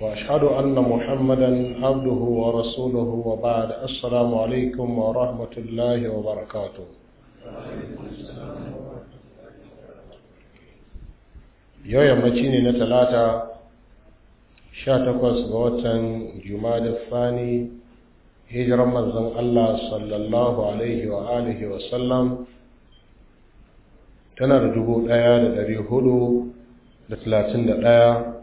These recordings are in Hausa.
وأشهد أن محمدا عبده ورسوله وبعد السلام عليكم ورحمة الله وبركاته yau yammaci ne na talata sha takwas ga watan jumadar Sani, hijiran manzan Allah sallallahu alaihi wa alihi wa sallam tana da dubu ɗaya da ɗari hudu da talatin da ɗaya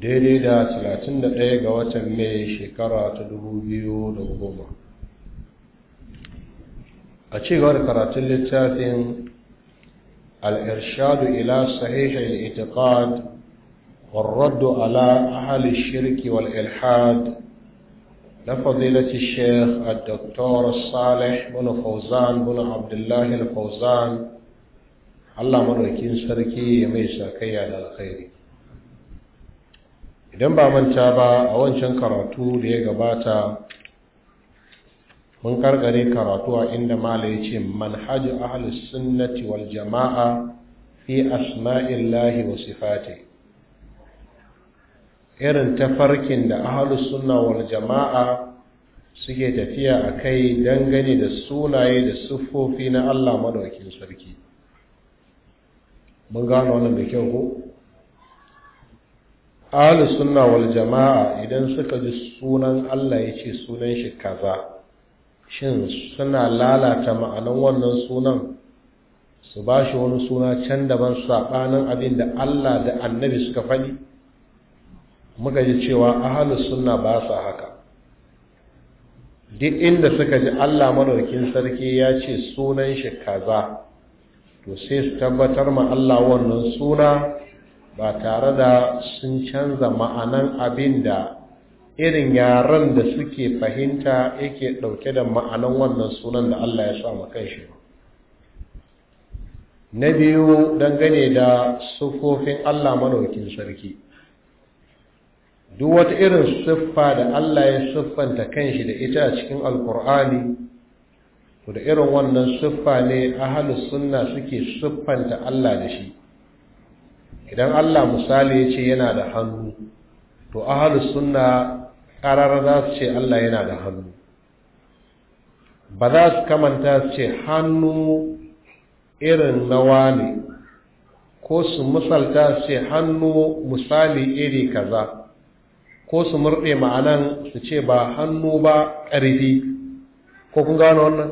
daidai da Talatin da ɗaya ga watan mai shekara ta 2010 a cigaba da karatun littafin al’irshadu ila sahihar itikad warraddu ala ahalin shirki wal ilhad na fadilati sheikh a doktor salih bunu fauzan bunu abdullahi fauzan allah maraikin sarki mai sarkaiya da alkhairi idan ba manta ba a wancan karatu da ya gabata mun karkare karatu a inda mala ya ce manhaju ahlus sunnati wal jama'a fi asma'illahi wa sifati irin tafarkin da ahlus sunna wal jama'a suke tafiya a kai dangane da sunaye da siffofi na Allah madaukin sarki mun gano wannan da kyau ko ahli sunna wal jama'a idan suka ji sunan Allah yace ce sunan shi kaza shin suna lalata ma'anan wannan sunan su ba shi wani suna can daban sabanin abin da Allah da annabi suka faɗi muka ji cewa ahli sunna ba su haka duk inda suka ji Allah madaukin sarki ya ce sunan shi kaza to sai su tabbatar ma Allah wannan suna ba tare da sun canza ma'anan abin da irin yaren da suke fahimta yake ɗauke da ma'anan wannan sunan da Allah ya sa kan shi na biyu dangane da sufofin Allah manokin sarki duk wata irin siffa da Allah ya siffanta kanshi da ita a cikin alkur'ani da irin wannan siffa ne ahalus sunna suke siffanta Allah da shi idan Allah misali ya ce yana da hannu to ahalus sunna ƙarar za su ce Allah yana da hannu ba za su kamanta su ce hannu irin nawa ne ko su misalta su ce hannu misali iri kaza ko su murɗe ma'anan su ce ba hannu ba ƙarfi ko kun gano wannan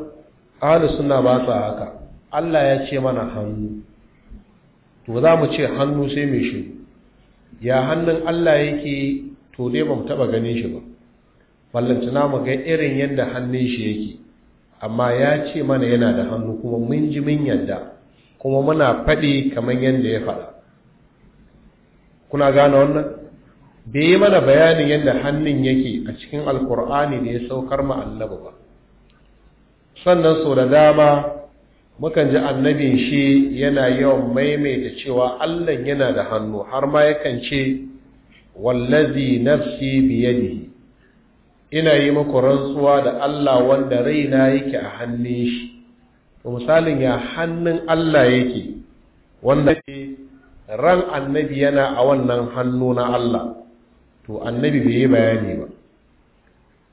ahalus sunna ba sa haka Allah ya ce mana hannu to za mu ce hannu sai mai shi ya hannun Allah yake to dai ba mu taba ganin shi ba na mu ga irin yadda hannun shi yake amma ya ce mana yana da hannu kuma mun ji mun yadda kuma muna faɗi kamar yadda ya faɗa kuna gane wannan bai yi mana bayanin yadda hannun yake a cikin alkur'ani da ya saukar ma ba sannan sau da dama mukan ji annabin shi yana yawan maimaita cewa Allah yana da hannu har ma yakan ce wallazi nafsi biyadihi ina yi muku rantsuwa da Allah wanda raina yake a hannun shi to misalin ya hannun Allah yake wanda ran annabi yana a wannan hannu na Allah to annabi bai yi bayani ba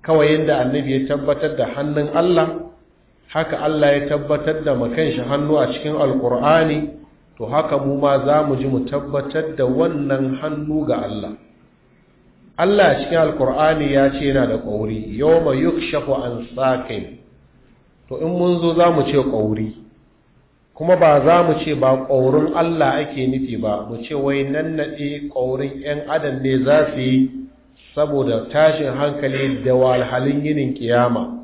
kawai yadda annabi ya tabbatar da hannun Allah haka Allah ya tabbatar da kan shi hannu a cikin alkur'ani to haka mu ma za mu ji mu tabbatar da wannan hannu ga Allah Allah a cikin alkur'ani ya ce yana da ƙauri yau ma yukshafu an sakin to in mun zo za mu ce ƙauri kuma ba za mu ce ba ƙaurin Allah ake nufi ba mu ce wai nan nannaɗe ƙaurin 'yan adam ne za su yi saboda tashin hankali da walhalin yinin kiyama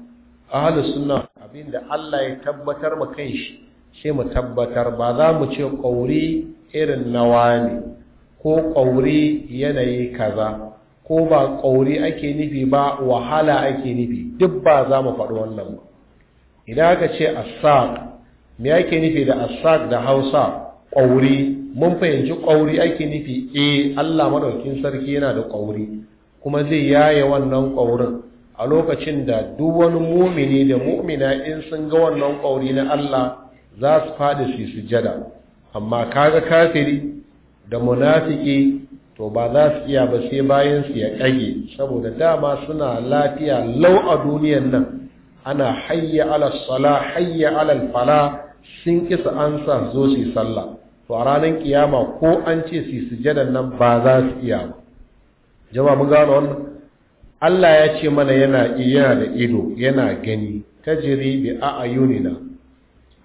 ahalus sunna abin da Allah ya tabbatar ma kan shi sai mu tabbatar ba za mu ce ƙauri irin nawa ne ko ƙauri yanayi kaza ko ba ƙauri ake nufi ba wahala ake nufi duk ba za mu faɗi wannan ba idan aka ce asaq me ake nufi da asak da hausa ƙauri mun fahimci ƙauri ake nufi eh Allah madaukin sarki yana da ƙauri kuma zai yaye wannan ƙaurin a lokacin da duk wani mumini da mumina in sun ga wannan ƙauri na Allah za su fada su sujada amma kaga kafiri da munafiki to ba za su iya ba sai bayan su ya kage saboda dama suna lafiya lau a duniyan nan ana hayya ala sala hayya ala fala sun kisa an sa zo su sallah to a ranar kiyama ko an ce su sujadan nan ba za su iya ba jama'a mun gano wannan Allah ya ce mana yana iya da ido yana gani tajiri bi a'yunina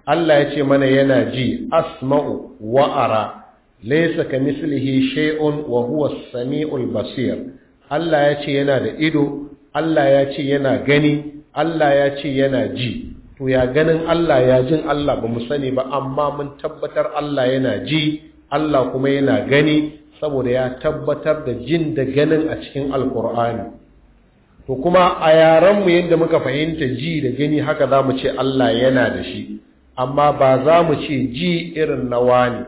Allah ya ce mana yana ji asma'u wa ara laysa kamithlihi shay'un wa huwa as-sami'ul basir Allah ya ce yana da ido Allah ya ce yana gani Allah ya ce yana ji to ya ganin Allah ya jin Allah ba mu sani ba amma mun tabbatar Allah yana ji Allah kuma yana gani saboda ya tabbatar da jin da ganin a cikin alkur'ani to kuma a yaranmu yadda muka fahimta ji da gani haka za mu ce Allah yana da shi amma ba za mu ce ji irin nawa ne,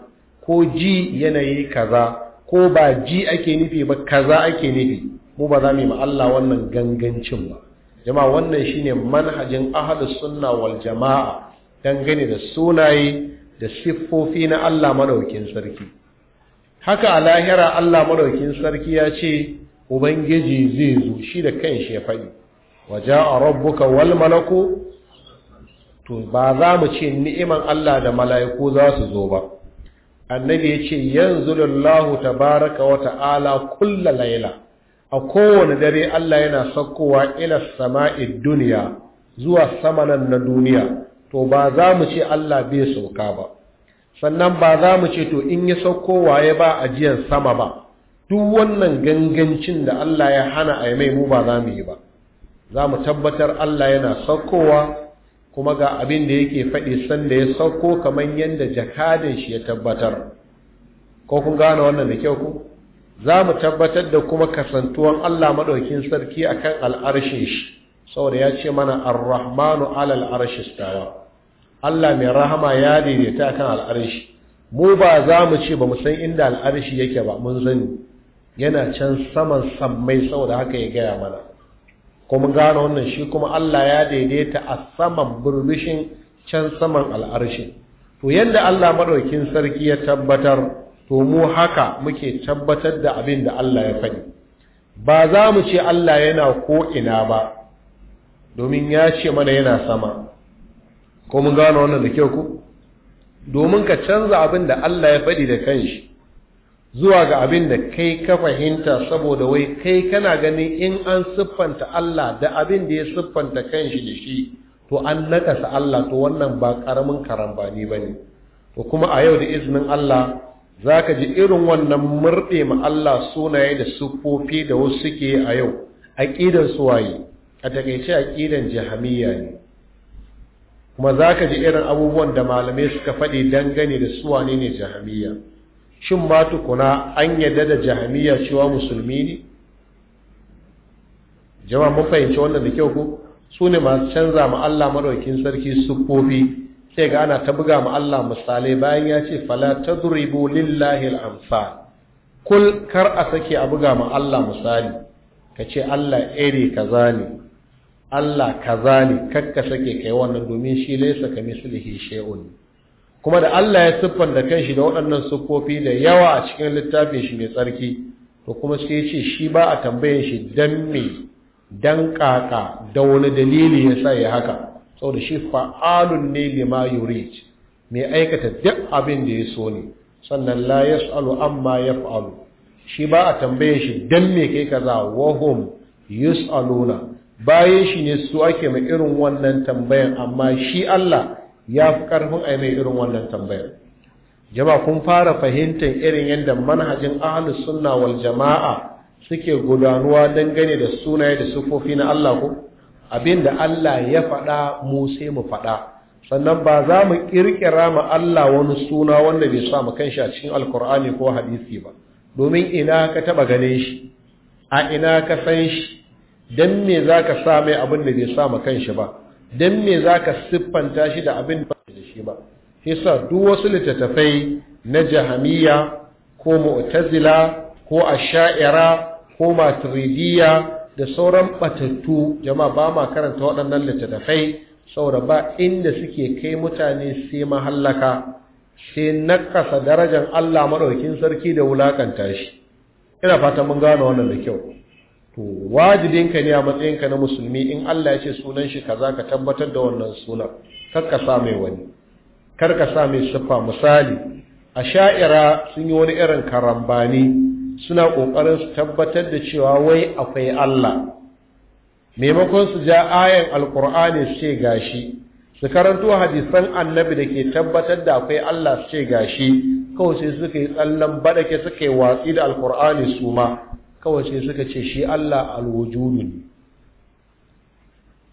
ko ji yanayi kaza ko ba ji ake nufi ba kaza ake nufi mu ba za mu yi ma Allah wannan gangancin ba jama'a wannan shine manhajin ahlus sunna wal jama'a dangane da sunaye da siffofi na Allah maɗaukin sarki haka a lahira Allah maɗaukin sarki ya ce ubangiji zai zo shi da kan shi ya faɗi waje a rabbuka wal malaku to ba za mu ce ni'iman Allah da mala'iku za su zo ba annabi ya ce yanzu ta tabaraka wa ta'ala kulla laila a kowane dare Allah yana saukowa ila sama'i duniya zuwa samanan na duniya to ba za mu ce Allah bai sauka ba sannan ba za mu ce to in ya saukowa ya ba ajiyar sama ba duk wannan gangancin da Allah ya hana a mai mu ba za mu yi ba za mu tabbatar Allah yana saukowa kuma ga abin da yake faɗi sanda ya sauko kamar yadda jakadin shi ya tabbatar ko kun gane wannan da kyau ku za mu tabbatar da kuma kasantuwan Allah maɗaukin sarki akan al'arshin shi saboda ya ce mana ar-rahmanu alal arshi Allah mai rahama ya daidaita akan al'arshi mu ba za mu ce ba mu san inda al'arshi yake ba mun sani yana can saman sammai saboda haka ya gaya mana kuma gane wannan shi kuma Allah ya daidaita a saman burbushin can saman al'arshin to yadda Allah maɗaukin sarki ya tabbatar to mu haka muke tabbatar da abin da Allah ya faɗi ba za mu ce Allah yana ko'ina ba domin ya ce mana yana sama ko gano wannan da kyau ku domin ka canza abin da Allah ya faɗi da kanshi zuwa ga abin da kai ka fahimta saboda wai kai kana ganin in an siffanta Allah da abin da ya siffanta shi da shi to an nakasa Allah to wannan ba karamin karambani ba ne to kuma a yau da izinin Allah za ka ji irin wannan murɗe ma Allah sunaye da siffofi da wasu suke a yau aƙidan suwaye a takaice aƙidan jihamiyya ne kuma za ka ji irin abubuwan da malamai suka faɗi dangane da suwane ne jihamiyya shin ma tukuna an yadda da jahamiya cewa musulmi ne jama'a mun fahimci wannan da kyau ko su ne masu canza ma Allah madaukin sarki kofi. sai ga ana ta buga ma Allah misalai bayan ya ce fala tadribu lillahi al-amsal kul kar a sake a buga ma Allah misali ka ce Allah iri kaza ne Allah kaza ne kakka sake kai wannan domin shi laysa kamislihi shay'un kuma da Allah ya siffanta kanshi da waɗannan siffofi da yawa a cikin littafin shi mai tsarki to kuma sai ya ce shi ba a tambayan shi dan me dan kaka da wani dalili ya sa ya haka saboda shi fa'alun ne lima yurid mai aikata duk abin da ya so ne sannan la yas'alu amma yaf'alu shi ba a tambayan shi dan me kai kaza hum yus'aluna bayan shi ne su ake mai irin wannan tambayan amma shi Allah ya fi ƙarfin a mai irin wannan tambayar jama'a kun fara fahimtar irin yadda manhajin ahalus sunna wal jama'a suke gudanuwa dangane da sunaye da sufofi na Allah ko abinda Allah ya faɗa mu sai mu faɗa sannan ba za mu kirkira ma Allah wani suna wanda bai sa mu kanshi a cikin alkur'ani ko hadisi ba domin ina ka taba ganin shi a ina ka san shi dan me zaka sa mai abin da bai sa mu kanshi ba don me za ka siffanta shi da abin ba da shi ba sa duk wasu littattafai na jahamiya ko mu'tazila ko asha'ira ko maturidiya da sauran batattu jama'a ba ma karanta waɗannan littattafai saboda ba inda suke kai mutane sai mahallaka sai nakasa darajar Allah maɗaukin sarki da wulakanta shi ina fata mun gano wannan da kyau to wajibinka ne a matsayinka na musulmi in Allah ya ce sunan shi kaza ka tabbatar da wannan sunan kar ka sa mai wani kar ka sa mai siffa misali a sha'ira sun yi wani irin karambani suna ƙoƙarin su tabbatar da cewa wai akwai Allah maimakon su ja ayan alkur'ani su ce gashi su karanto hadisan annabi da ke tabbatar da akwai Allah su ce gashi kawai sai suka yi tsallan baɗake suka yi watsi da alkur'ani su ma kawai sai suka ce shi Allah alwujudun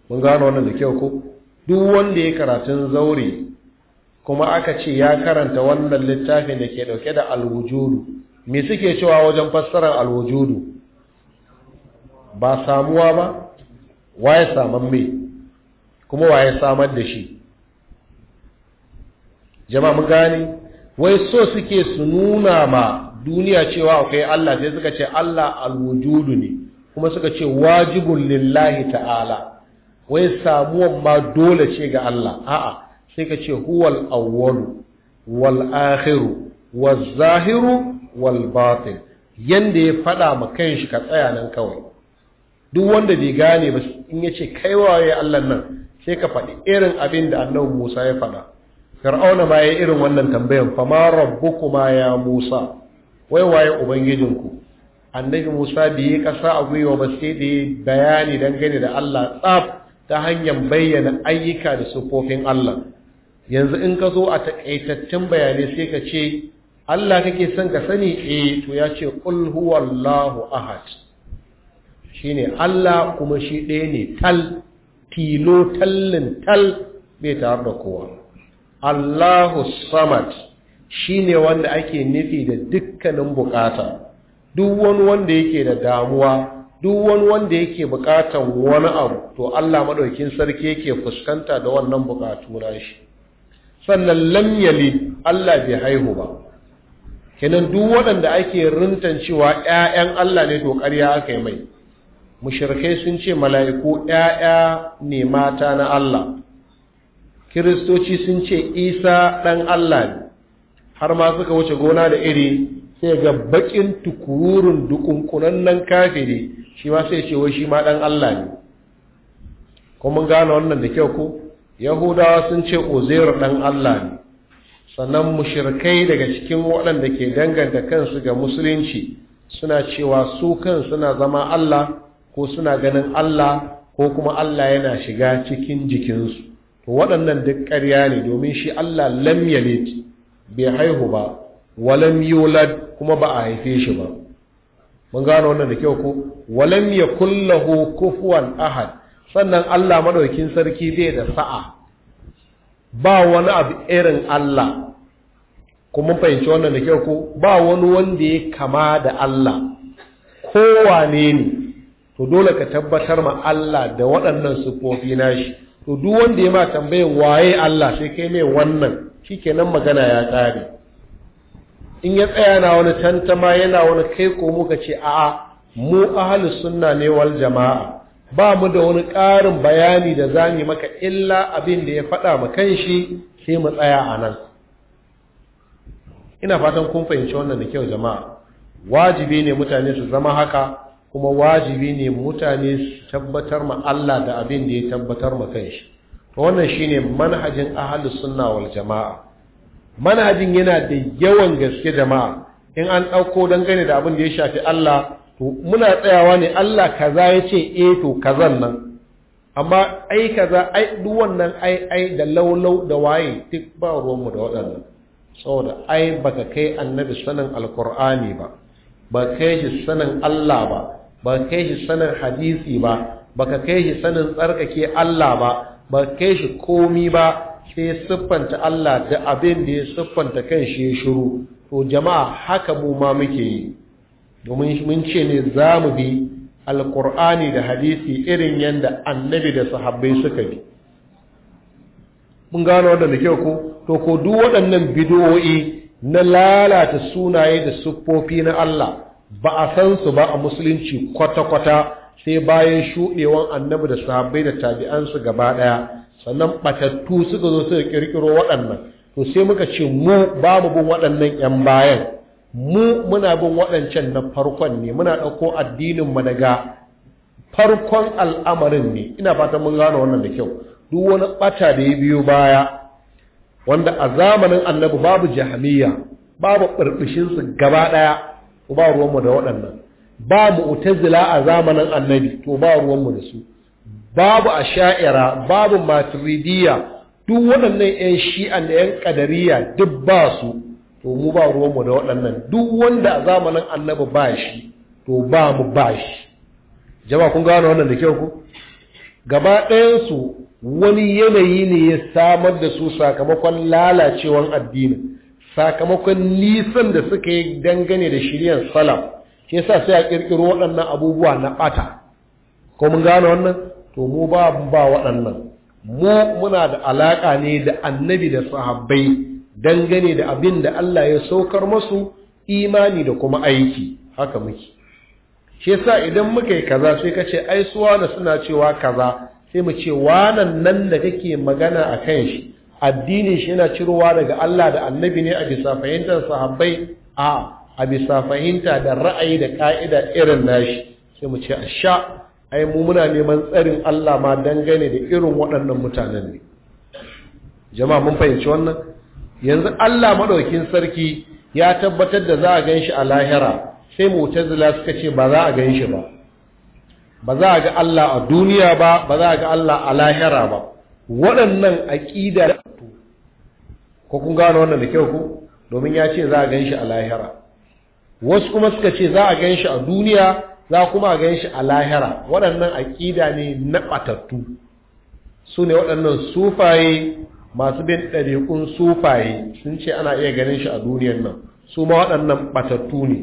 mun gano wannan da kyau ko duk wanda ya karatun zaure kuma aka ce ya karanta wannan littafin da ke dauke da alwujudu me suke cewa wajen fassarar alwujudu ba samuwa ba waye saman me kuma waye samar da shi jama'a mun gane wai so suke su nuna ma duniya cewa akwai Allah sai suka ce Allah alwujudu ne kuma suka ce wajibun lillahi ta'ala wai samuwan ma dole ce ga Allah a'a sai ka ce huwal awwalu wal akhiru wal zahiru wal batin yanda ya fada ma shi ka tsaya nan kawai duk wanda bai gane ba in ce kai waye Allah nan sai ka faɗi irin abin da Annabi Musa ya faɗa Fir'auna ma ya irin wannan tambayan fa ma rabbukuma ya Musa wai waye ubangijinku annabi musa bai yi ƙasa a gwiwa ba sai da ya bayani dangane da allah tsaf ta hanyar bayyana ayyuka da sufofin allah yanzu in ka zo a taƙaitattun bayanai sai ka ce allah kake son ka sani eh to ya ce ƙul huwallahu ahad Shi ne allah kuma shi ɗaya ne tal tilo tallin tal bai tare da kowa allahu samad Shi ne wanda ake nufi da dukkanin bukata duk wani wanda yake da damuwa duk wani wanda yake bukatan wani abu to Allah maɗaukin sarki yake fuskanta da wannan bukatu shi sannan lam yali Allah bai haihu ba kenan duk waɗanda ake rintancewa ƴaƴan Allah ne to ƙarya aka yi mai mushrikai sun ce mala'iku ƴaƴa ne mata na Allah kiristoci sun ce Isa ɗan Allah ne har ma suka wuce gona da iri sai ga bakin tukurun dukunkunannen kafiri shi ma sai ce wai shi ma dan Allah ne ko mun gane wannan da kyau ko yahudawa sun ce uzair dan Allah ne sannan mushrikai daga cikin waɗanda ke danganta kansu ga musulunci suna cewa su kan suna zama Allah ko suna ganin Allah ko kuma Allah yana shiga cikin jikinsu to waɗannan duk ƙarya ne domin shi Allah lam yalid bai haihu ba walam yulad kuma ba a haife shi ba mun gano wannan da kyau ko walam yakul lahu kufuwan ahad sannan Allah madaukin sarki bai da sa'a ba wani abu irin Allah kuma fahimci wannan da kyau ko ba wani wanda ya kama da Allah kowane ne to dole ka tabbatar ma Allah da waɗannan sufofi nashi to duk wanda ya ma tambayin waye Allah sai kai mai wannan shikenan magana ya ƙare in ya tsaya na wani tantama yana wani kai ko muka ce a'a mu ahlus sunna ne wal jama'a ba mu da wani ƙarin bayani da za mu maka illa abin da ya faɗa ma kanshi sai mu tsaya a nan ina fatan kun fahimci wannan da kyau jama'a wajibi ne mutane su zama haka kuma wajibi ne mutane su tabbatar ma Allah da abin da ya tabbatar ma kanshi wannan shine manhajin ahlus sunna wal jamaa manhajin yana da yawan gaske jama'a in an don dangane da abin da ya shafi Allah to muna tsayawa ne Allah kaza ce, e to kazan nan amma ai kaza ai duk wannan ai ai da laulau da waye duk ba ruwanmu da waɗannan saboda ai baka kai annabi sanin alkur'ani ba ba kai shi sanin Allah ba ba kai shi sanin hadisi ba baka kai shi sanin tsarkake Allah ba ba kai shi komi ba sai siffanta Allah da abin da ya siffanta kan shi ya shiru to jama'a haka mu ma muke yi domin mun ce ne za mu bi alkur'ani da hadisi irin yadda annabi da sahabbai suka bi mun gano wannan da kyau ko to ko duk waɗannan bidiyo'i na lalata sunaye da siffofi na Allah ba a san su ba a musulunci kwata-kwata sai bayan shuɗewan annabi da sahabbai da tabi'ansu gaba ɗaya sannan ɓatattu suka zo suka ƙirƙiro waɗannan to sai muka ce mu ba mu bin waɗannan 'yan bayan mu muna bin waɗancan na farkon ne muna ɗauko addinin mu daga farkon al'amarin ne ina fatan mun gano wannan da kyau duk wani ɓata da ya biyo baya wanda a zamanin annabi babu jahamiyya babu ɓirɓishinsu gaba ɗaya ba ruwanmu da waɗannan ba mu'tazila a zamanin annabi to ba ruwanmu da su babu asha'ira babu maturidiya duk waɗannan 'yan shi'an da 'yan ƙadariya duk ba su to mu ba ruwanmu da waɗannan duk wanda a zamanin annabi ba shi to ba mu ba shi jama'a kun gano wannan da kyau ku gaba ɗayansu wani yanayi ne ya samar da su sakamakon lalacewan addinin sakamakon nisan da suka yi dangane da shiryan salaf shi yasa sai a kirkiro waɗannan abubuwa na ɓata ko mun gane wannan to mu ba ba waɗannan mu muna da alaƙa ne da annabi da sahabbai dangane da abin da Allah ya saukar masu imani da kuma aiki haka muke shi yasa idan muka yi kaza sai ka ce ai su wani suna cewa kaza sai mu ce wanan nan da kake magana a kan shi addinin shi yana cirowa daga Allah da annabi ne a bisa fahimtar sahabbai a a bisa fahimta da ra'ayi da ka'ida irin nashi sai mu ce a sha ai mu muna neman tsarin Allah ma dangane da irin waɗannan mutanen ne jama'a mun fahimci wannan yanzu Allah madaukin sarki ya tabbatar da za a ganshi a lahira sai mu'tazila suka ce ba za a ganshi ba ba za a ga Allah a duniya ba ba za a ga Allah a lahira ba waɗannan aqida ko kun gano wannan da kyau ku domin ya ce za a ganshi a lahira wasu kuma suka ce za a gan shi a duniya za kuma a gan shi a lahira waɗannan aƙida ne na ɓatattu su ne waɗannan sufaye masu bin ɗariƙun sufaye sun ce ana iya ganin shi a duniyan nan su ma waɗannan ɓatattu ne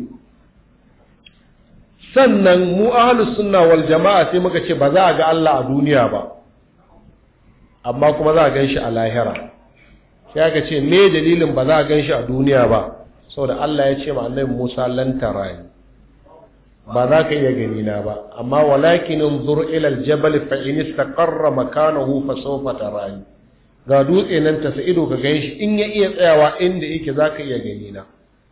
sannan mu ahlus sunna wal jama'a sai muka ce ba za a ga Allah a duniya ba amma kuma za a gan shi a lahira sai aka ce me dalilin ba za a gan shi a duniya ba da Allah ya ce ma annabi Musa lantara tarani ba za ka iya gani na ba amma walakinin zur ilal jabal fa in istaqarra makanahu fa sawfa tarani ga dutse nan ta sa ido ka gani shi in ya iya tsayawa inda yake za ka iya gani na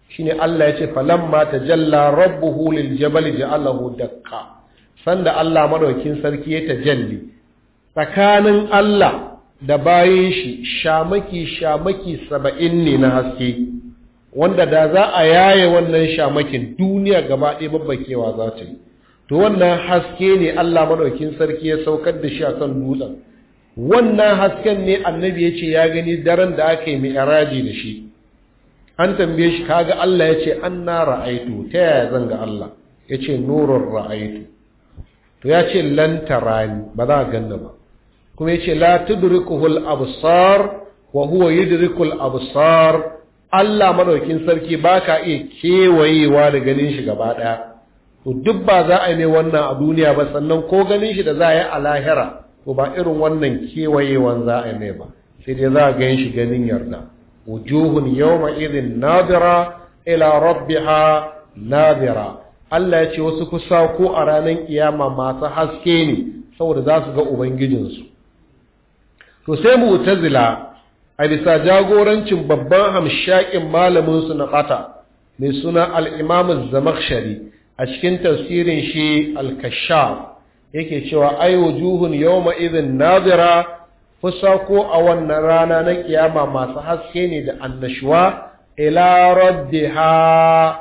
shine Allah ya ce falamma tajalla rabbuhu liljabal ja'alahu dakka sanda Allah madaukin sarki ya tajalli tsakanin Allah da bayin shi shamaki shamaki saba'in ne na haske wanda da za a yaye wannan shamakin duniya gaba ɗaya babbakewa za ta yi to wannan haske ne Allah maɗaukin sarki ya saukar da shi a kan dutsen wannan hasken ne annabi ya ce ya gani daren da aka yi mi'araji da shi an tambaye shi kaga Allah ya ce an na ra'aitu ta yaya zan ga Allah ya ce nurar ra'aitu to ya ce lan tarani ba za a ganna ba kuma ya ce la tudrikuhul absar wa huwa yudrikul absar Allah madaukin sarki baka iya kewayewa da ganin shi gaba ɗaya to duk ba za a yi mai wannan a duniya ba sannan ko ganin shi da za a yi a lahira to ba irin wannan kewayewan za a yi ba sai dai za a gan shi ganin yarda wujuhun yawma idhin nadira ila rabbiha nadira Allah ya ce wasu kusa ko a ranar kiyama masu haske ne saboda za su ga ubangijinsu to sai tazila a bisa jagorancin babban hamshakin malaminsu na ɓata mai suna al'imamu zamakshari a cikin tafsirin shi alkasha. yake cewa ai wujuhun yawma na nazira fusa ko a wannan rana na kiyama masu haske ne da annashuwa ila ha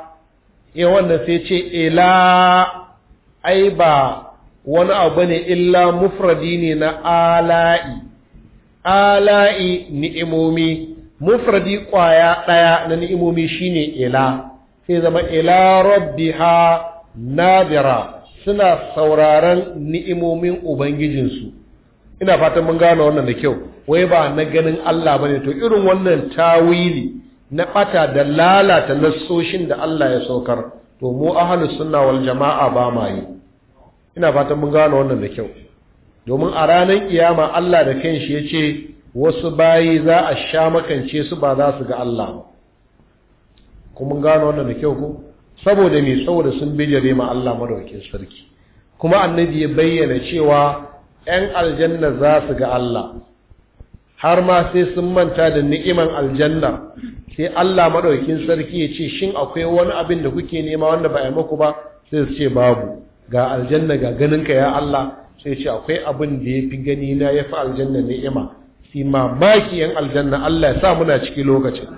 ya eh, wannan sai ce ila ai ba wani abu ne illa mufradi ne na ala'i ala'i ni'imomi mufradi ƙwaya ɗaya na ni'imomi shine ila sai zama ila rabbiha nadira suna sauraron ni'imomin ubangijinsu ina fatan mun gano wannan da kyau wai ba na ganin Allah bane to irin wannan tawili na ɓata da lalata nassoshin da Allah ya saukar to mu ahlus sunna wal jama'a ba ma yi ina fatan mun gano wannan da kyau domin a ranar iyama, Allah da kanshi ya ce wasu bayi za a sha makance su ba za su ga Allah ba kuma gano wannan da kyau ko saboda mai saboda sun bijire ma Allah madaukakin sarki kuma annabi ya bayyana cewa 'yan aljanna za su ga Allah har ma sai sun manta da ni'iman aljanna sai Allah maɗaukin sarki ya ce shin akwai wani abin da kuke nema wanda ba a yi muku ba sai su ce babu ga aljanna ga ganinka ya Allah sai ce akwai abin da ya fi gani na ya fi aljanna ni'ima sai mamaki yan aljanna Allah ya sa muna ciki lokacin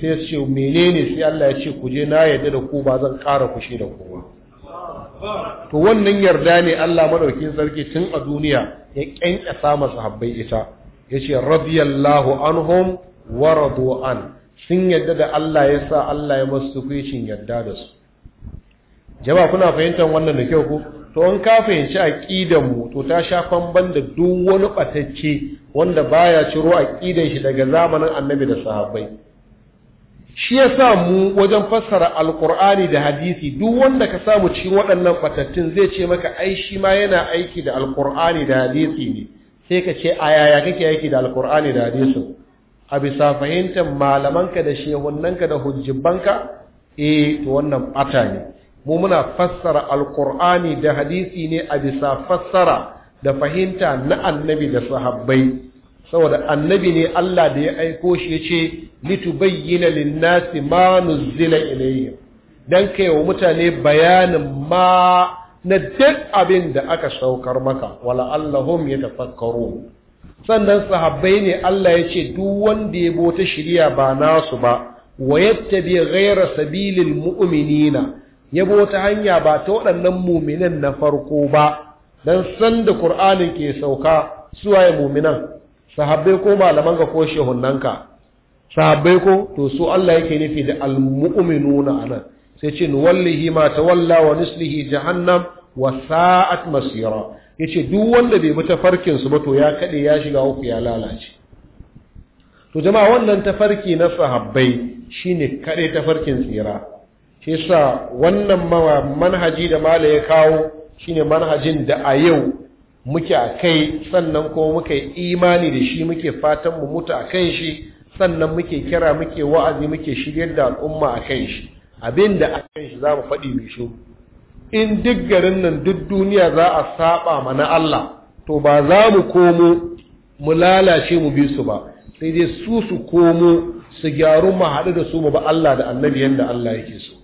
sai ce menene sai Allah ya ce ku je na yarda da ku ba zan ƙara kushe da kowa to wannan yarda ne Allah madaukin sarki tun a duniya ya kyankyasa masa habbai ita yace radiyallahu anhum wa radu an sun yarda da Allah ya sa Allah ya masu hukuncin yarda da su jama'a kuna fahimtar wannan da kyau ko to an ka fahimci aqidan mu to ta sha famban da duk wani batacce wanda baya ciro ƙidan shi daga zamanin annabi da sahabbai shi yasa mu wajen fassara alqur'ani da hadisi duk wanda ka samu cikin waɗannan batattun zai ce maka ai shi ma yana aiki da alqur'ani da hadisi ne sai ka ce a yaya kake aiki da alqur'ani da hadisi a bisa fahimtar malamanka da shehunanka da hujjibanka eh to wannan bata ne mu muna fassara alkur'ani da hadisi ne a bisa fassara da fahimta na annabi da sahabbai saboda annabi ne Allah da ya aiko shi yace litubayyana lin-nasi ma nuzila ilayhim dan kai wa mutane bayanin ma na duk abin da aka saukar maka wala allahum yatafakkaru sannan sahabbai ne Allah yace duk wanda ya bota shirya ba nasu ba wa yattabi ghayra sabilil mu'minina yabo ta hanya ba ta waɗannan muminan na farko ba don san da ƙur'anin ke sauka suwaye muminan sahabbai ko malaman ga ko shehunanka sahabbai ko to su Allah yake nufi da almu'minuna anan sai ce wallahi ma tawalla wa nuslihi jahannam wa sa'at masira yace duk wanda bai bi tafarkin su ba to ya kade ya shiga uku ya lalace to jama'a wannan tafarki na sahabbai shine kade tafarkin tsira shi sa wannan manhaji da mala ya kawo shine manhajin da a yau muke a kai sannan kuma muke imani da shi muke fatan mu mutu a kan shi sannan muke kira muke wa'azi muke shiryar da al'umma a kan shi abinda a kan shi za mu faɗi mai shi in duk garin nan duk duniya za a saba mana Allah to ba za mu komo mu lalace mu bi su ba sai dai su su komo su gyaru mu haɗu da su mu ba Allah da annabi yanda Allah yake so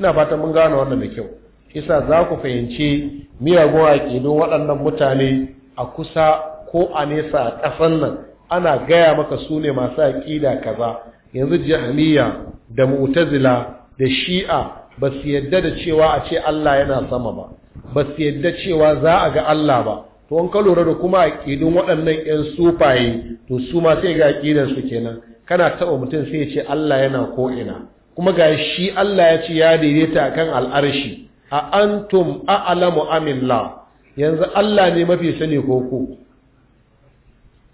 ina fatan mun gane wannan da kyau isa za ku fahimci miyagun aƙidun waɗannan mutane a kusa ko a nesa a ƙasan nan ana gaya maka su ne masu aƙida kaza yanzu jahiliya da mu'tazila da shi'a ba su yadda da cewa a ce Allah yana sama ba ba su yadda cewa za a ga Allah ba to an ka lura da kuma aƙidun waɗannan 'yan sufaye to su ma sai ga su kenan kana taɓa mutum sai ya ce Allah yana ko'ina. kuma ga shi Allah ya ce ya daidaita akan al'arshi a antum a'lamu amilla yanzu Allah ne mafi sani ko ku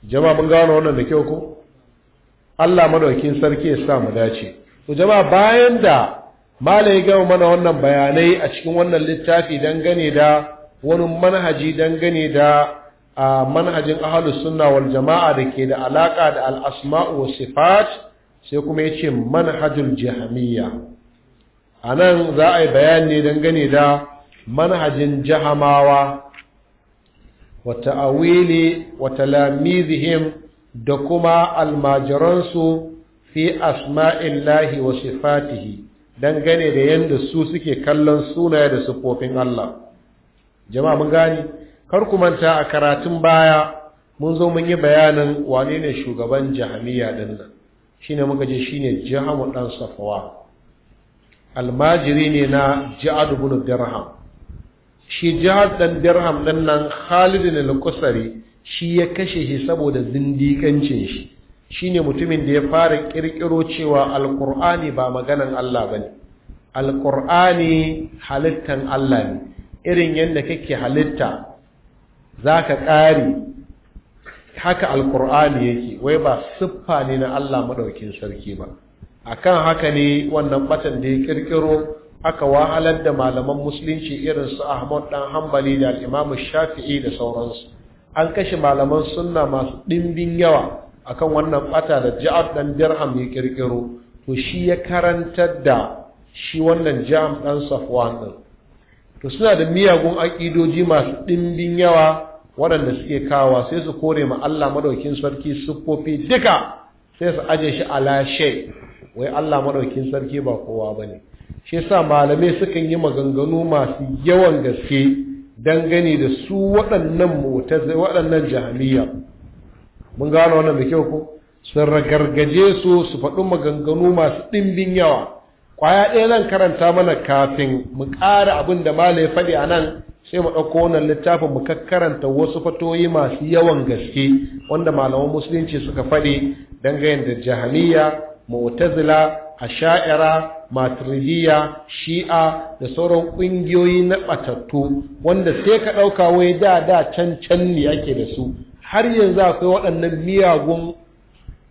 jama'a mun gano wannan da kyau ko Allah madaukin sarki ya sa mu dace to jama'a bayan da malai gama mana wannan bayanai a cikin wannan littafi dangane da wani manhaji dangane da manhajin ahlus sunna wal jama'a da ke da alaka da al asmau wa sifat sai kuma ya ce manhajul jahamiyya a nan za a yi bayani dangane da manhajin jahamawa wata awili wata lamizihim da kuma almajiransu fi lahi wa sifatihi dangane da yadda su suke kallon sunaye da sufofin Allah jama'a mun gani kar ku manta a karatun baya mun zo mun yi bayanin wane ne shugaban jahamiya dinnan ne muka je shine jahamu waɗansu safawa almajiri ne na jihadu ibn dirham shi jihar ɗan dirham din nan Khalid al shi ya kashe shi saboda zindikancin shi ne mutumin da ya fara ƙirƙiro cewa alƙur'ani ba maganan Allah ba bane alƙur'ani halittan Allah ne irin yadda kake halitta za ka ƙari haka alkur'ani yake wai ba siffa ne na Allah madaukin sarki ba akan haka ne wannan batan da ya kirkiro aka wahalar da malaman musulunci irin su Ahmad dan Hanbali da al-Imam Shafi'i da sauransu an kashe malaman sunna masu dimbin yawa akan wannan bata da Ja'ad dan Dirham ya kirkiro to shi ya karantar da shi wannan Ja'am dan Safwan din to suna da miyagun akidoji masu dimbin yawa waɗanda suke kawa sai su kore ma Allah maɗaukin sarki siffofi duka sai su aje shi a lashe wai Allah maɗaukin sarki ba kowa ba ne. shi sa malamai sukan yi maganganu masu yawan gaske don gani da su waɗannan mutaz waɗannan jami'a. mun gano wannan da kyau ko sun ragargaje su su faɗi maganganu masu ɗimbin yawa Kwaya ɗaya zan karanta mana kafin mu ƙara abin da mala ya faɗi a nan sai mu ɗauko wannan littafin mu kakkaranta wasu fatoyi masu yawan gaske wanda malaman musulunci suka faɗi dangane da jahamiya mu'tazila asha'ira maturidiya shi'a da sauran ƙungiyoyi na ɓatattu wanda sai ka ɗauka wai da da can can ne ake da su har yanzu akwai waɗannan miyagun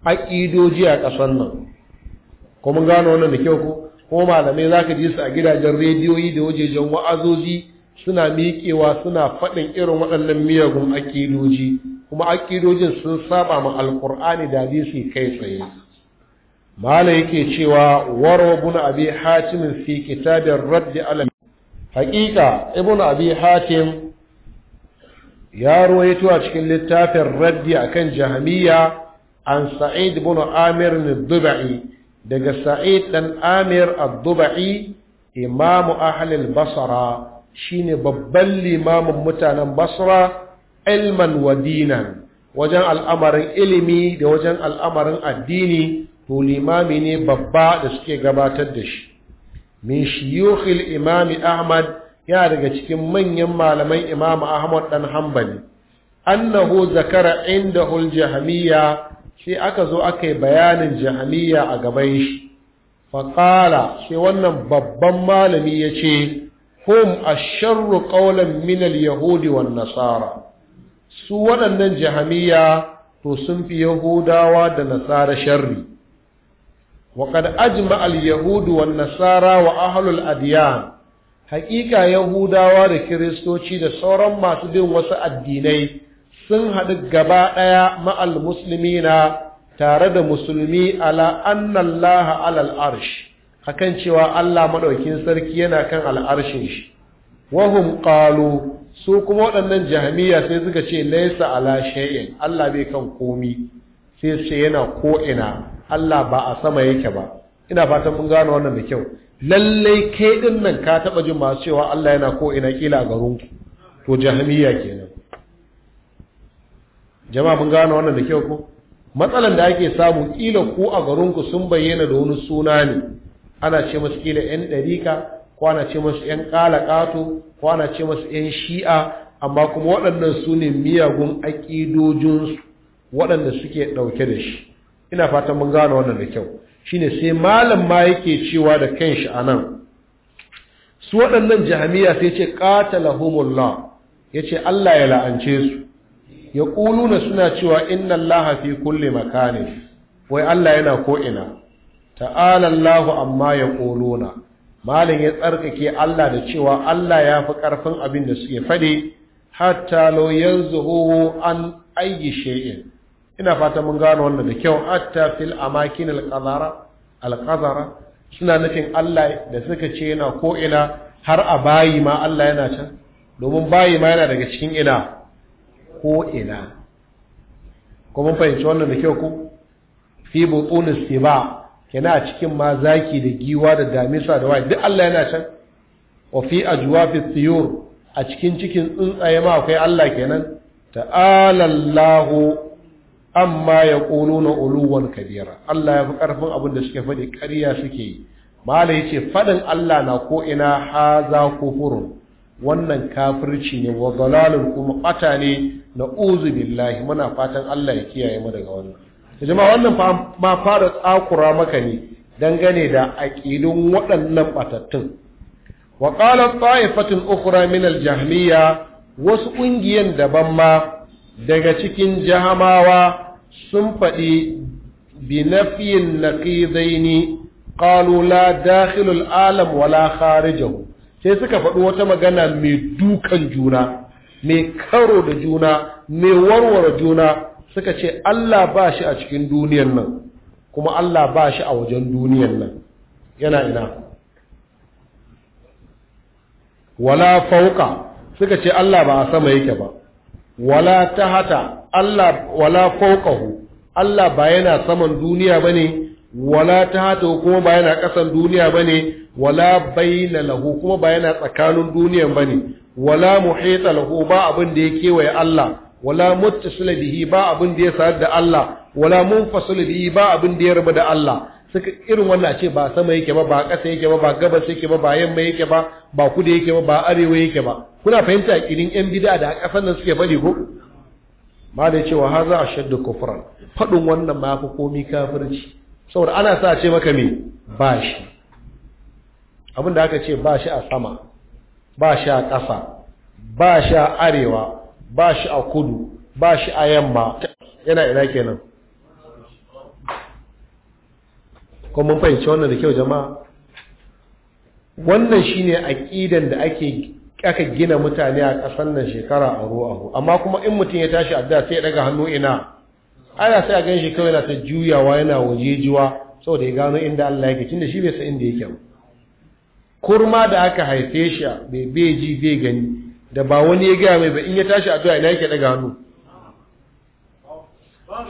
aƙidoji a ƙasar nan kuma gano wannan da kyau ko malamai za ka ji su a gidajen rediyoyi da wajejen wa'azoji suna miƙewa suna faɗin irin waɗannan miyagun aƙidoji kuma aƙidojin sun saba ma alƙur'ani da hadisi kai tsaye mala yake cewa waro ibn abi hatim fi kitabir radd ala haqiqa ibn abi hatim ya ruwaito a cikin littafin raddi akan jahmiya an sa'id ibn amir ad-dubai daga sa'id dan amir ad-dubai imamu ahli al-basra shine babban limamin mutanen basra ilman wa dinan wajen al'amarin ilimi da wajen al'amarin addini to limami ne babba da suke gabatar da shi min shiyukhil imami ahmad ya daga cikin manyan malaman imam ahmad dan hanbali annahu zakara inda al-jahmiyya sai aka zo aka yi bayanin jahmiyya a gaban shi faqala sai wannan babban malami yace hum asharru qawlan min al-yahudi nasara su waɗannan jahamiya to sun fi yahudawa da nasara sharri wa qad ajma al-yahudu nasara wa ahlul adyan haƙiƙa yahudawa da kiristoci da sauran masu bin wasu addinai sun haɗu gaba ɗaya ma'al musulmi na tare da musulmi ala annallaha alal arsh akan cewa Allah madaukin sarki yana kan al'arshin shi wahum qalu su kuma waɗannan jahmiya sai suka ce laysa ala shay'in Allah bai kan komi sai sai yana ko ina Allah ba a sama yake ba ina fatan mun gano wannan da kyau lallai kai din nan ka taba jin masu cewa Allah yana ko ina kila garun ku to jahmiya kenan jama'a mun gano wannan da kyau ko matsalan da ake samu kila ku a garun ku sun bayyana da wani suna ne ana ce masu kila yan ɗarika ko ana ce masu yan ƙalaƙato ko ana ce masu yan shi'a amma kuma waɗannan su ne miyagun aƙidojinsu waɗanda suke ɗauke da shi ina fata mun gane wannan da kyau ne sai malam ma yake cewa da kan shi a nan su waɗannan jami'a sai ce ya ce Allah ya la'ance su ya ƙuluna suna cewa inna allah fi kulle makane wai Allah yana ko'ina? ta'ala Allahu amma ya quluna malin ya tsarkake Allah da cewa Allah ya fi ƙarfin abin da suke faɗi hatta law yanzuhu an ayyi shay'in ina fata mun gano wannan da kyau hatta fil amakin al-qadara al-qadara suna nufin Allah da suka ce yana ko ina har a bayi ma Allah yana can domin bayi ma yana daga cikin ina ko ina ko mun fahimci wannan da kyau ku fi butun istiba yana a cikin ma zaki da giwa da damisa da waye duk Allah yana can wa fi ajwafi tiyur a cikin cikin tsuntsaye ma akwai Allah kenan ta'ala Allah amma ya yaquluna uluwan kabira Allah ya fi karfin abin da suke faɗi ƙarya suke yi mala yace faɗin Allah na ko ina haza furu wannan kafirci ne wa dalalun kuma ɓata ne na uzu billahi muna fatan Allah ya kiyaye mu daga wannan jama'a wannan ma fara tsakura maka ne dangane da aƙidun waɗannan batattun wa qala ta'ifatun ukhra min al-jahmiyya wasu ƙungiyan daban ma daga cikin jahamawa sun faɗi بنفي النقيضين قالوا لا alam wala ولا خارجه sai suka faɗi wata magana mai dukan juna mai karo da juna mai warware juna suka ce Allah ba shi a cikin duniyar nan kuma Allah ba shi a wajen duniyar nan yana ina wala fauka suka ce Allah ba a sama yake ba wala tahata Allah wala fauqahu Allah ba yana saman duniya bane wala tahata kuma ba yana kasan duniya bane wala baina lahu kuma ba yana tsakanin duniyan bane wala muhita lahu ba abin da ya kewaye Allah wala muttasil bihi ba abin da ya sayar da Allah wala munfasil bihi ba abin da ya rabu da Allah suka irin wannan ce ba sama yake ba ba ƙasa yake ba ba gabas yake ba ba yamma yake ba ba kudu yake ba ba arewa yake ba kuna fahimta kidin yan bid'a da ƙasar nan suke bari ko ma da cewa a shaddu kufran fadin wannan ma fa komi kafirci saboda ana sa ce maka me ba shi abin da aka ce ba shi a sama ba shi a ƙasa ba shi a arewa ba shi a kudu ba shi a yamma yana ina kenan kuma mun fahimci wannan da kyau jama'a wannan shine aqidan da ake aka gina mutane a ƙasar nan shekara a ruwa amma kuma in mutum ya tashi addu'a sai ya daga hannu ina ana sai a ganshi kawai yana ta juyawa yana wajejuwa saboda ya gano inda Allah yake tunda shi bai san inda yake ba kurma da aka haife shi bai beji bai gani da ba wani ya gaya mai ba in ya tashi addu'a ina yake daga hannu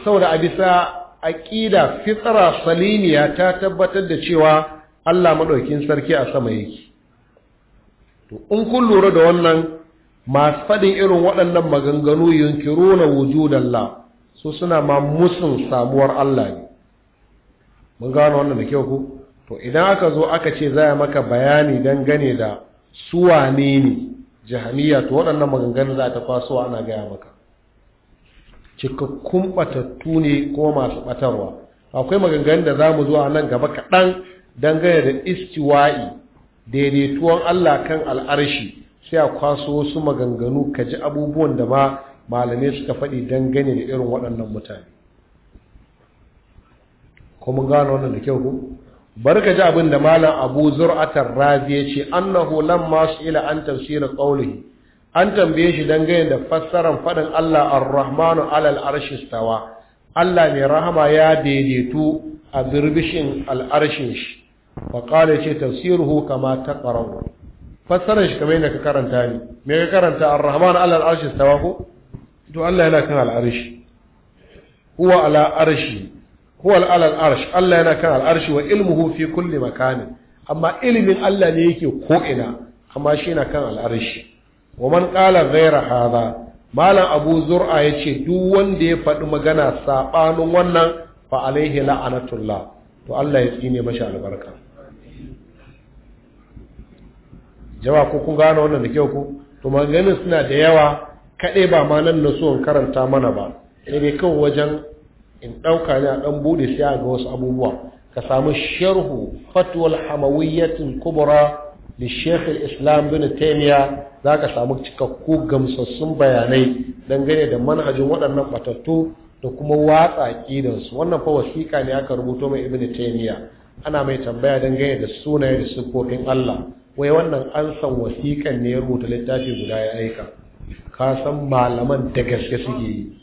saboda a bisa aƙida fitsara saliniya ta tabbatar da cewa Allah maɗaukin sarki a sama yake to in kun lura da wannan masu faɗin irin waɗannan maganganu da Allah, su suna ma musun samuwar Allah ne mun gano wannan da kyau ku to idan aka zo aka ce za maka bayani dangane da ne ne jahamiya to waɗannan maganganu za ta kwaso ana gaya maka cikakkun ɓatattu ne ko masu ɓatarwa akwai maganganu da za mu zuwa nan gaba kaɗan dangane da istiwa'i daidaituwan Allah kan al'arshi sai a kwaso wasu maganganu ka ji abubuwan da ma malamai suka faɗi dangane da irin waɗannan mutane kuma gano wannan da kyau ku barka ji abin da malam abu zur'atar razi ya ce annahu lamma ila an tafsirin qawlihi an tambaye shi dangane da fassarar faɗin Allah ar-rahmanu alal arshin stawa Allah mai rahama ya daidaitu a birbishin al'arshin shi fa qala ce tafsiruhu kama ƙararwa fassarar shi kamar yadda ka karanta ne me ka karanta ar-rahmanu alal arshin stawa ko to Allah yana kan al'arshi huwa ala arshi huwa alal arsh Allah yana kan al'arshi wa ilmuhu fi kulli makanin amma ilimin Allah ne yake ko ina amma shi yana kan al'arshi wa man qala ghayra hadha malam abu zur'a ce, duk wanda ya faɗi magana sabanin wannan fa alaihi la'anatullah to Allah ya tsine mashi albarka jawa ko kun gane wannan da kyau ko to maganin suna da yawa kaɗai ba ma nan na so karanta mana ba sai dai kan wajen in ɗauka ne a ɗan buɗe sai a ga wasu abubuwa ka samu sharhu fatwal hamawiyyatin kubra li shekh islam bin taimiya za ka samu cikakku gamsassun bayanai dangane da manhajin waɗannan batattu da kuma watsa ƙidansu wannan fa wasiƙa ne aka rubuto mai ibn taimiya ana mai tambaya dangane da sunaye da siffofin allah wai wannan an san wasiƙan ne ya rubuta littafi guda ya aika ka san malaman da gaske suke yi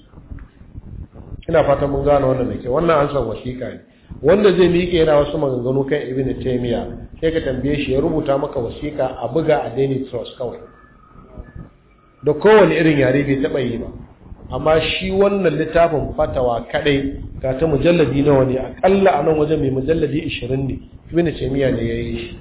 ina fatan mun gane wannan da ke wannan an san wasiƙa ne wanda zai miƙe yana wasu maganganu kan ibn taymiya sai ka tambaye shi ya rubuta maka wasiƙa a buga a daily trust kawai da kowane irin yare bai taɓa yi ba amma shi wannan littafin fatawa kaɗai ga ta mujalladi nawa ne aƙalla a nan wajen mai mujalladi ashirin ne ibn taymiya ne ya yi shi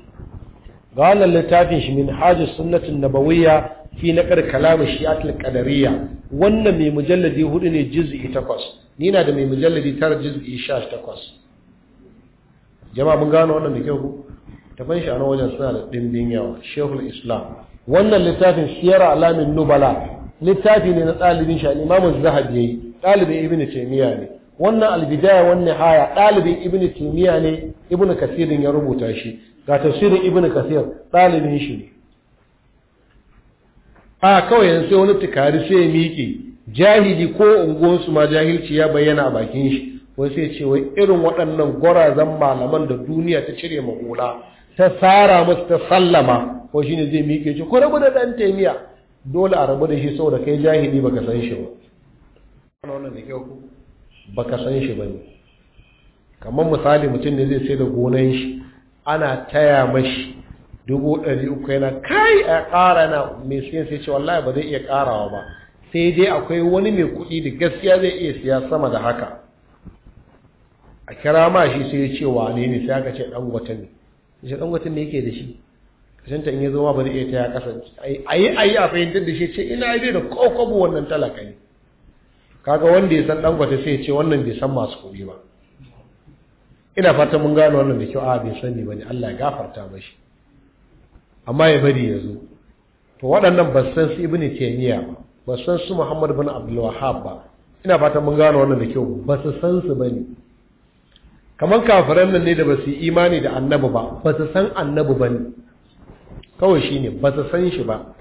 ga wannan littafin shi min hajji sunnatin nabawiyya fi naqar shi shi'atul qadariyya wannan mai mujalladi hudu ne juz'i takwas ni na da mai mujalladi tara juz'i sha takwas jama'a mun gano wannan da kyau ku tafan shi a wajen suna da ɗimbin yawa shehul islam wannan littafin siyar alamin nubala littafi ne na ɗalibin shi al'imamun zahabi ya yi ɗalibin ibn taimiyya ne wannan albidaya wannan haya ɗalibin ibn taimiyya ne ibn kasirin ya rubuta shi ga tafsirin ibn kasir ɗalibin shi ne a kawai yanzu sai wani tukari sai ya miƙe jahili ko unguwansu ma jahilci ya bayyana a bakin shi wai sai ce wai irin waɗannan gwarazan malaman da duniya ta cire mahula ta tsara masu ta sallama ko shi ne zai miƙe ce ko rabu da ɗan taimiya dole a rabu da shi saboda kai jahili baka san shi ba baka san shi ba ne kamar misali mutum ne zai sai da gonan shi ana taya mashi dubu ɗari uku yana kai a ƙara na mai siyan sai ce wallahi ba zai iya ƙarawa ba sai dai akwai wani mai kuɗi da gaskiya zai iya siya sama da haka a kira ma shi sai ce wane ne sai aka ce ɗan gwata ne shi ɗan gwata ne yake da shi ta in ya zo ma ba zai iya taya ƙasa a ayi a fahimtar da shi ce ina yi da kokobo wannan talaka ne kaga wanda ya san ɗan gwata sai ce wannan bai san masu kuɗi ba ina fata mun gano wannan da kyau a bai sani ba ne allah ya gafarta mashi amma ya bari ya zo to waɗannan ba san su ibn taymiya ba ba san su muhammad bin abdul ba ina fatan mun gano wannan da kyau ba su san su bane kaman kafiran nan ne da ba su yi imani da annabi ba ba su san annabi ne kawai shine ba su san shi ba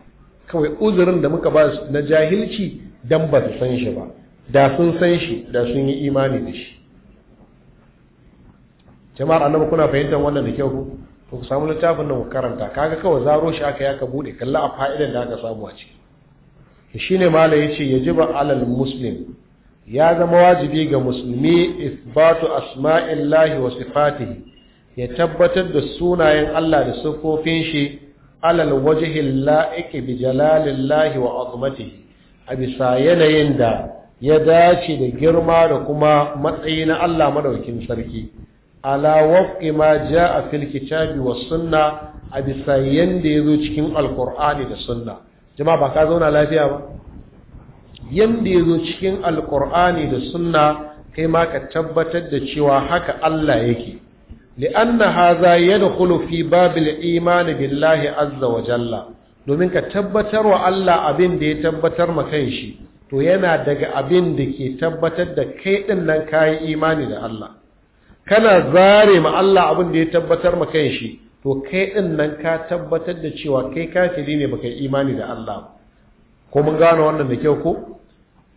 kawai uzurin da muka ba su na jahilci dan ba su san shi ba da sun san shi da sun yi imani da shi jama'ar annabi kuna fahimtar wannan da kyau to ku samu littafin nan ku karanta kaga kawai zaro shi aka yaka bude kalla a fa'idan da aka samu a ciki to shine mala yace yajiba alal muslim ya zama wajibi ga musulmi isbatu asma'illahi wa sifatihi ya tabbatar da sunayen Allah da siffofin shi alal wajhi la'iqi bi jalalillahi wa azmatihi a bisa yanayin da ya dace da girma da kuma matsayi na Allah madaukin sarki ala wafqi ma jaa fil sunna a bisa ya yazo cikin Alƙur'ani da sunna jama'a ba ka zauna lafiya ba yanda yazo cikin Alƙur'ani da sunna kai ma ka tabbatar da cewa haka Allah yake li'anna haza yadkhulu fi babil iman billahi azza wa jalla domin ka tabbatar wa Allah abin da ya tabbatar ma kai shi to yana daga abin da ke tabbatar da kai din nan kayi imani da Allah kana zare ma Allah abin da ya tabbatar ma kan shi to kai ɗinnan nan ka tabbatar da cewa kai kafiri ne baka imani da Allah ko mun gano wannan da kyau ko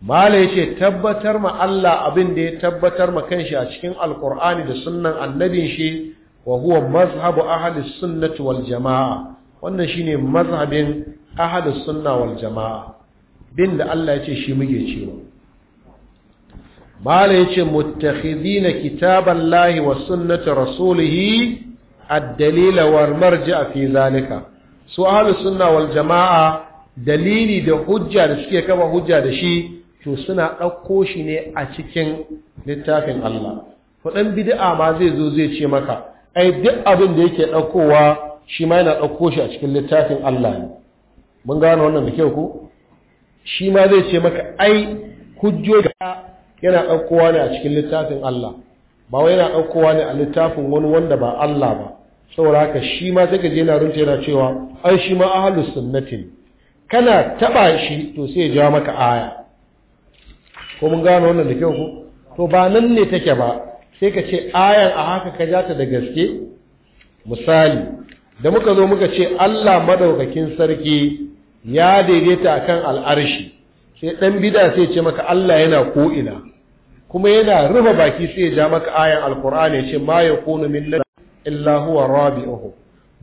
mala yace tabbatar ma Allah abin da ya tabbatar ma kanshi a cikin alqur'ani da sunnan annabin shi wa huwa mazhabu ahli sunnati wal jamaa wannan shine mazhabin ahli sunna wal jamaa bin da Allah yace shi muke cewa bala yace muttakhidina kitaballahi wa sunnata rasulihi ad-dalil wal marja' fi zalika su ahlus sunna wal jamaa dalili da hujja da suke kaba hujja da shi to suna ɗauko shi ne a cikin littafin Allah kuɗin bid'a ma zai zo zai ce maka ai duk abin da yake ɗaukowa shi ma yana ɗauko shi a cikin littafin Allah ne mun gano wannan da kyau ko shi ma zai ce maka ai hujjoji yana ɗaukowa ne a cikin littafin Allah ba wai yana ɗaukowa ne a littafin wani wanda ba Allah ba saboda haka shi ma sai ka je yana runta yana cewa ai shi ma ahlus sunnatin. kana taba shi to sai ya ja maka aya ko mun gano wannan da kyau ko to ba nan ne take ba sai ka ce ayan a haka ka ja ta da gaske misali da muka zo muka ce Allah madaukakin sarki ya daidaita akan al'arshi sai dan bida sai ce maka Allah yana ko ina kuma yana rufe baki sai ya ja maka ayan alqur'ani ya ce ma kunu min nafsin illa huwa rabi'uhu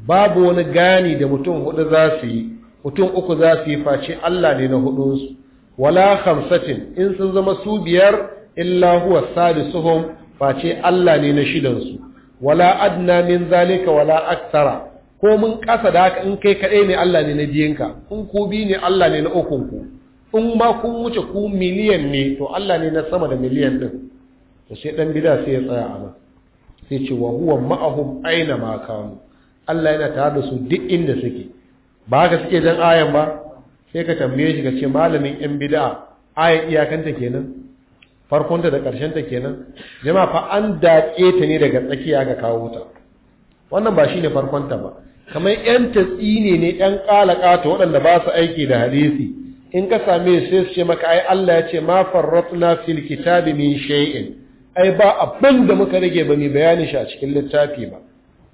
babu wani gani da mutum hudu za su yi mutum uku za su yi face Allah ne na hudunsu wala khamsatin in sun zama su biyar illa huwa sadisuhum face Allah ne na shidansu wala adna min zalika wala aktara ko mun kasa da haka in kai kadai ne Allah ne na biyinka in ku bi ne Allah ne na ukunku in ba ku wuce ku miliyan ne to Allah ne na sama da miliyan din to sai dan bid'a sai ya tsaya a nan sai ce wa huwa ma'ahum aina ma kanu Allah yana tare da su duk inda suke ba ka suke dan ayan ba sai ka tambaye shi ka ce malamin yan bid'a ayan iyakanta kenan farkonta da ta kenan jama'a fa an daƙe ta ne daga tsakiya ga kawo ta wannan ba shine ta ba kamar yan tatsi ne ne yan to waɗanda ba su aiki da hadisi in ka same sai su ce maka ai Allah ya ce ma farratna fil kitabi min shay'in ai ba abin da muka rage ba mai bayanin shi a cikin littafi ba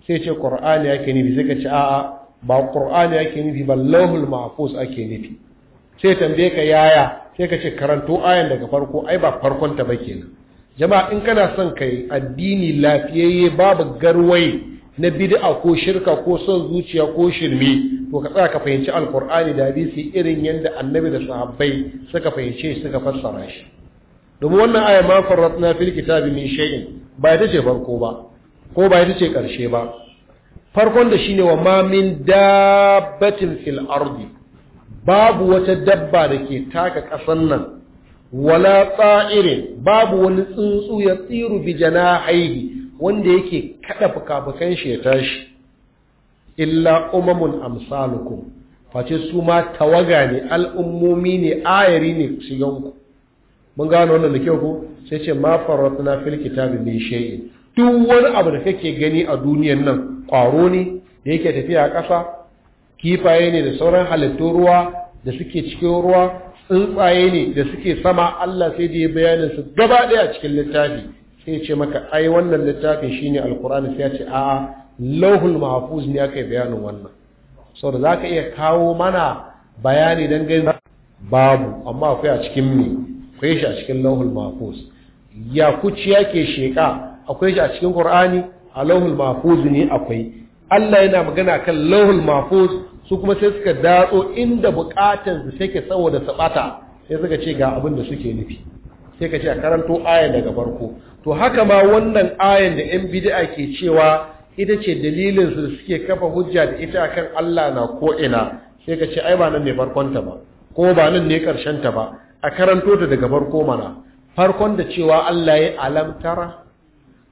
sai ce qur'ani yake nufi sai ka ce a'a ba qur'ani yake nufi ba lahul mahfuz ake nufi sai tambaye ka yaya sai ka ce karanto ayan daga farko ai ba farkon ta ba kenan jama'a in kana son kai addini lafiyayye babu garwai. na bid'a ko shirka ko son zuciya ko shirme to ka tsaya ka fahimci alkur'ani da hadisi irin yadda annabi da sahabbai suka fahimce suka fassara shi domin wannan aya ma farratna fil kitabi min shay'in ba ita ce farko ba ko ba ita ce karshe ba farkon da shine wa ma min dabbatin fil ardi babu wata dabba da ke taka kasan nan wala tsa'irin babu wani tsuntsu ya tsiru bi janahihi wanda yake kada fukafukan shi ya tashi illa umamun amsalukum face su ma tawaga ne al'ummomi ne ayari ne shiganku mun gano wannan da kyau ko sai ce ma faratna fil kitabi min shay'i duk wani abu da kake gani a duniyar nan kwaro ne da yake tafiya a ƙasa kifaye ne da sauran halittun ruwa da suke cikin ruwa tsuntsaye ne da suke sama Allah sai da ya bayanin su gaba ɗaya cikin littafi sai ce maka ai wannan littafin shine alkur'ani sai ya ce a'a lawhul mahfuz ne aka bayanin wannan saboda zaka iya kawo mana bayani dan gani babu amma akwai a cikin me akwai shi a cikin lawhul mahfuz ya kuci yake sheka akwai shi a cikin qur'ani a lawhul mahfuz ne akwai Allah yana magana kan lawhul mahfuz su kuma sai suka datso inda bukatar su take saboda sabata sai suka ce ga abin da suke nufi sai ka ce a karanto ayan daga farko to haka ma wannan ayan da yan bid'a ke cewa ita ce dalilin su suke kafa hujja da ita akan Allah na ko ina sai ka ce ai ba nan ne farkon ta ba ko ba nan ne karshen ta ba a karanto ta daga farko mana farkon da cewa Allah ya alamtara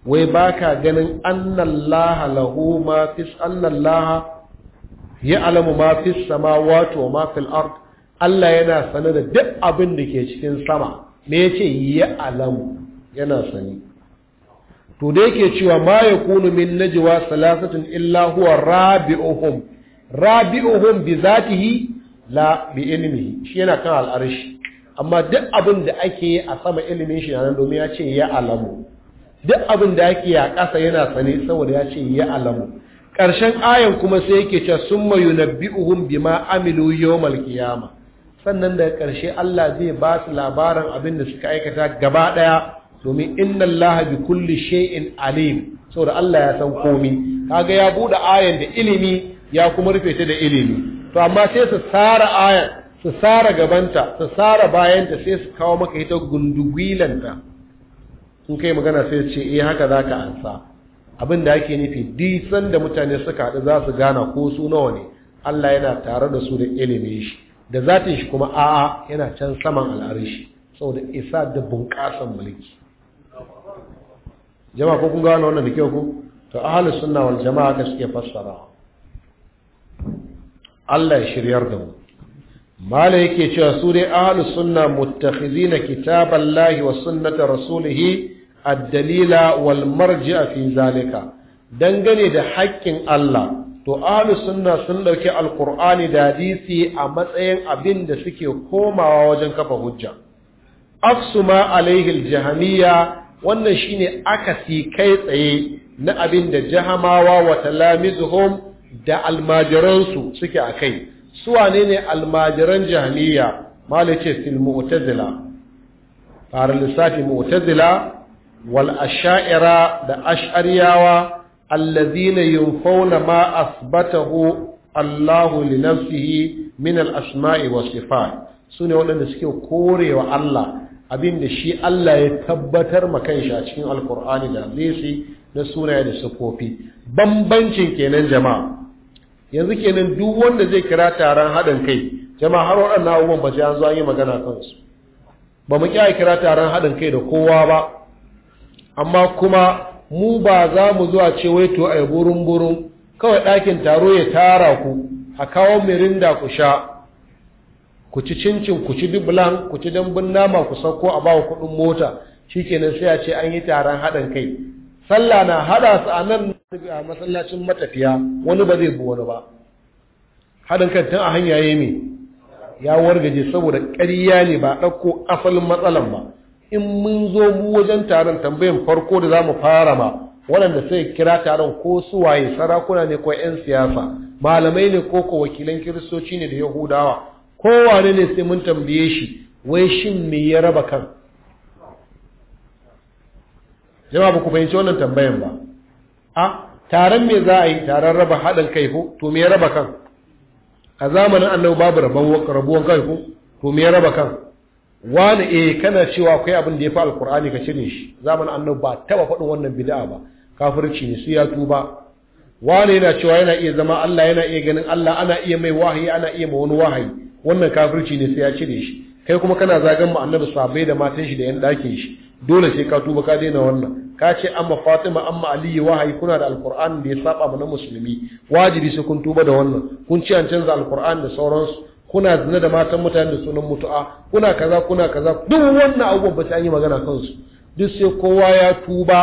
wai baka ganin annallaha lahu ma fis annallaha ya alamu ma fis samawati wa ma fil ard Allah yana sanar da duk abin da ke cikin sama me yace ya alamu yana sani to da yake cewa ma kunu min najwa salasatin illa huwa rabi'uhum rabi'uhum bi zatihi la bi ilmihi shi yana kan al'arshi amma duk abin da ake yi a sama ilimin shi nan domin ya ce ya alamu duk abin da ake yi a ƙasa yana sani saboda ya ce ya alamu ƙarshen ayan kuma sai yake ce sun yunabbi'uhum bima amilu yawmal qiyamah sannan daga ƙarshe Allah zai ba su labarin abin da suka aikata gaba ɗaya domin inna Allah bi kulli shay'in alim saboda Allah ya san komi kaga ya bude ayan da ilimi ya kuma rufe ta da ilimi to amma sai su tsara ayan su tsara gabanta su tsara bayanta sai su kawo maka ita gundugwilanta Sun kai magana sai ce eh haka zaka ansa abin da ake nufi disan da mutane suka haɗu za su gana ko su nawa ne Allah yana tare da su da ilimin shi da zatin shi kuma a'a yana can saman al'arishi saboda isa da bunƙasan mulki jama'a ko kun ga wannan da kyau ko to ahlus sunna wal jama'a ka suke fassara Allah ya shiryar da mu mala yake cewa su dai ahlus sunna kitabar kitaballahi wa sunnata rasulih ad-dalila wal marji'a fi zalika dangane da haƙƙin Allah to ahlus sunna sun dauki alqur'ani da hadisi a matsayin abin da suke komawa wajen kafa hujja afsu ma alaihi aljahmiya wannan shine akasi kai tsaye na abin da jahamawa wa talamizuhum da almajiransu suke akai su wane ne almajiran jahmiya malice fil mu'tazila fara lissafi mu'tazila wal ash'ira da ash'ariyawa allazina yunfauna ma asbatahu Allahu li nafsihi min al-asma'i was sifat sune waɗanda suke korewa Allah abinda shi Allah ya tabbatar ma kanshi a cikin alkur'ani da hadisi na sunaye da sufofi bambancin kenan jama'a yanzu kenan duk wanda zai kira taron haɗin kai jama'a har waɗannan abubuwan ba sai an zo an yi magana kansu ba mu kira taron haɗin kai da kowa ba amma kuma mu ba za mu zuwa ce wai to ai burin burin kawai ɗakin taro ya tara ku a kawo mirinda ku sha ku ci cincin ku ci dublan ku ci dambun nama ku sauko a bawa kuɗin mota shi kenan sai a ce an yi taron haɗin kai sallah na haɗa su a nan a masallacin matafiya wani ba zai bi wani ba haɗin kan tun a hanya ya ya wargaje saboda ƙarya ne ba ɗauko asalin matsalan ba in mun zo mu wajen taron tambayin farko da za mu fara ma waɗanda sai kira taron ko suwaye sarakuna ne ko 'yan siyasa malamai ne ko ko wakilan kiristoci ne da yahudawa kowane ne sai mun tambaye shi wai shin me ya raba kan jama'a ba ku fahimci wannan tambayan ba a taron me za a yi taron raba haɗin kai ko to me ya raba kan a zamanin annabi babu rabuwan kai ko to me ya raba kan wani eh kana cewa akwai abin da ya fi alkur'ani ka cire shi zamanin annabi ba taba faɗin wannan bid'a ba kafirci ne su ya tuba wani yana cewa yana iya zama Allah yana iya ganin Allah ana iya mai wahayi ana iya ma wani wahayi wannan kafirci ne sai ya cire shi kai kuma kana zagan mu annabi sahabbai da matan shi da yan dakin shi dole sai ka tuba ka daina wannan ka ce amma Fatima amma Ali wahayi kuna da alkur'ani da ya saba mu na musulmi wajibi sai kun tuba da wannan kun ci an canza alkur'ani da sauransu kuna zina da matan mutane da sunan mutu'a kuna kaza kuna kaza duk wannan abubuwan ba an yi magana kansu duk sai kowa ya tuba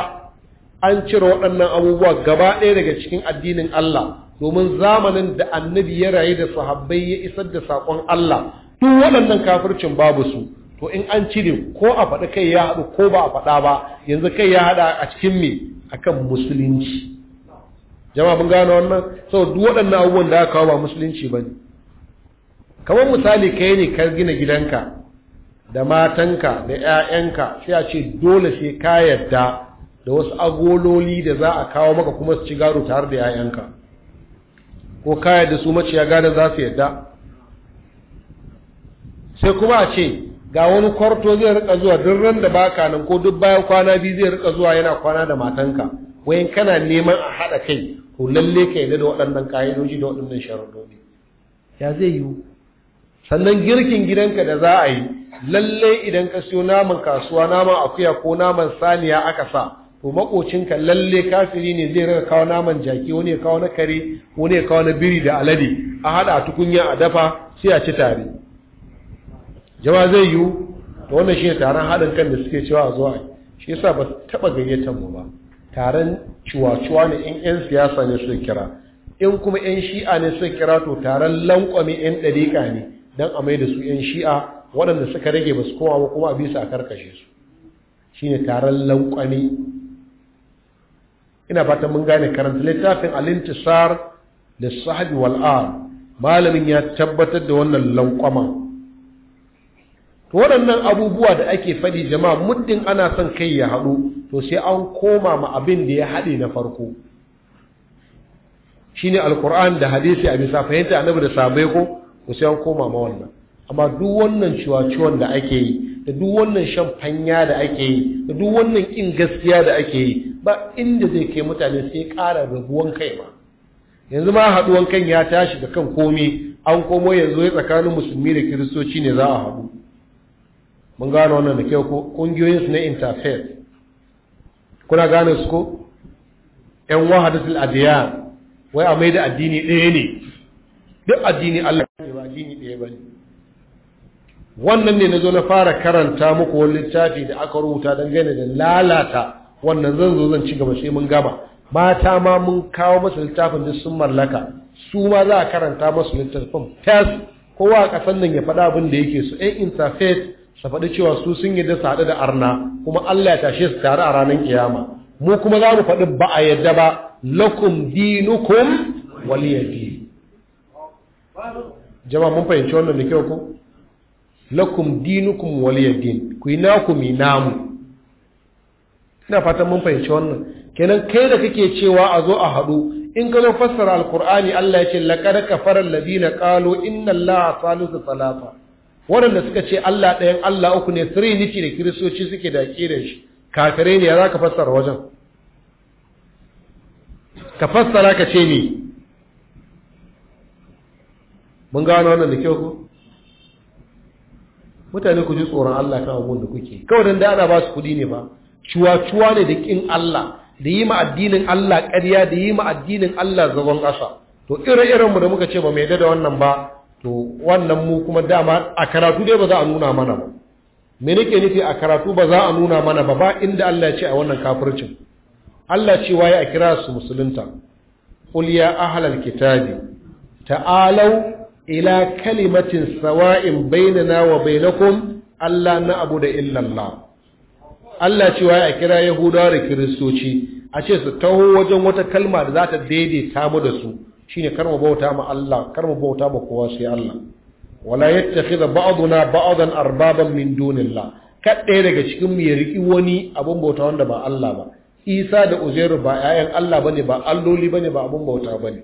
an cire waɗannan abubuwa gaba ɗaya daga cikin addinin Allah domin zamanin da annabi ya rayu da sahabbai ya isar da saƙon Allah duk waɗannan kafircin babu su to in an cire ko a faɗi kai ya haɗu ko ba a faɗa ba yanzu kai ya haɗa a cikin me akan musulunci jama'a mun gano wannan saboda duk waɗannan abubuwan da aka kawo ba musulunci bane kamar misali ka yi ne ka gina gidanka da matanka da 'ya'yanka sai a ce dole sai ka yadda da wasu agololi da za a kawo maka kuma su ci gado tare da 'ya'yanka ko ka yadda su ya gada za su yadda sai kuma a ce ga wani kwarto zai rika zuwa don ran da baka nan ko duk bayan kwana biyu zai rika zuwa yana kwana da matanka wayan kana neman a haɗa kai ko lalle ka yadda da waɗannan ƙa'idoji da waɗannan sharaɗoɗi ya zai yiwu sannan girkin gidanka da za a yi lalle idan ka siyo naman kasuwa naman akuya ko naman saniya aka sa to makocinka lalle kafiri ne zai raka kawo naman jaki wani ya kawo na kare wani ya kawo na biri da alade a hada tukunya a dafa sai a ci tare jama'a zai yiwu to wannan shine taron haɗin kan da suke cewa a zo a shi yasa ba taba gayyatar mu ba taron ciwa ne in 'yan siyasa ne suka kira in kuma 'yan shi'a ne suka kira to taron lankwame 'yan ɗariƙa ne don a mai da su 'yan shi'a waɗanda suka rage ba su koma ba kuma a bisa a karkashe su shi ne taron lankwani ina fatan mun gane karanta littafin alintisar da sahabi wal'ar malamin ya tabbatar da wannan lankwama waɗannan abubuwa da ake faɗi jama'a muddin ana son kai ya haɗu to sai an koma ma abin da ya haɗe na farko Shi shine alƙur'an da hadisi a bisa fahimta annabi da sabai ko ku sai an koma ma wannan amma duk wannan ciwaciwon da ake yi da duk wannan shan fanya da ake yi da duk wannan kin gaskiya da ake yi ba inda zai kai mutane sai ƙara rabuwan kai ma yanzu ma haɗuwan kan ya tashi da kan komi an komo yanzu ya tsakanin musulmi da kiristoci ne za a haɗu mun gano wannan da kyau ko ƙungiyoyinsu na interfaith kuna gane su ko ‘yan wahadatul adiyan wai a mai da addini ɗaya ne duk addini Allah ba wannan ne na zo na fara karanta muku wani littafi da aka rubuta gane da lalata wannan zan zo zan ci gaba sai mun gaba mata ma mun kawo masu littafin da sun mallaka su ma za a karanta masu littafin tas kowa a ƙasan nan ya faɗa abin da yake su ɗan interface su faɗi cewa su sun yi su haɗu da arna kuma Allah ya tashe su tare a ranar kiyama mu kuma za mu faɗi ba a yadda ba lakum dinukum waliyadi jama mun fahimci wannan da kyau ko lakum dinukum din. ku yi ku mi namu ina fatan mun fahimci wannan kenan kai da kake cewa a zo a haɗu in ka zo fassara alqur'ani Allah ya ce laqad kafara alladhina qalu inna allaha salisu salasa waɗanda suka ce Allah ɗayan Allah uku ne trinity da kiristoci suke da da shi kafirai ne ya za ka fassara wajen ka fassara ka ce ni mun gano wannan da kyau ko mutane ku ji tsoron Allah kan abubuwan da kuke kawai dan da ana ba su kuɗi ne ba cuwa-cuwa ne da kin Allah da yi ma addinin Allah ƙarya da yi ma addinin Allah zagon ƙasa to ire mu da muka ce ba mai da wannan ba to wannan mu kuma dama a karatu dai ba za a nuna mana ba me nake nufi a karatu ba za a nuna mana ba ba inda Allah ya ce a wannan kafircin Allah ce waye a kira su musulunta qul ya ahlal kitabi ta'alau ila kalimatin sawa'in bainana wa bainakum Allah na abu da illallah Allah cewa a kira Yahudawa da Kiristoci a ce su taho wajen wata kalma da za ta daidaita mu da su shine kar mu bauta ma Allah kar bauta ma kowa sai Allah wala yattakhidha ba'duna ba'dan arbaban min dunillah kad ɗaya daga cikin ya riƙi wani abun bauta wanda ba Allah ba Isa da Uzairu ba 'ya'yan Allah ne, ba alloli bane ba abun bauta bane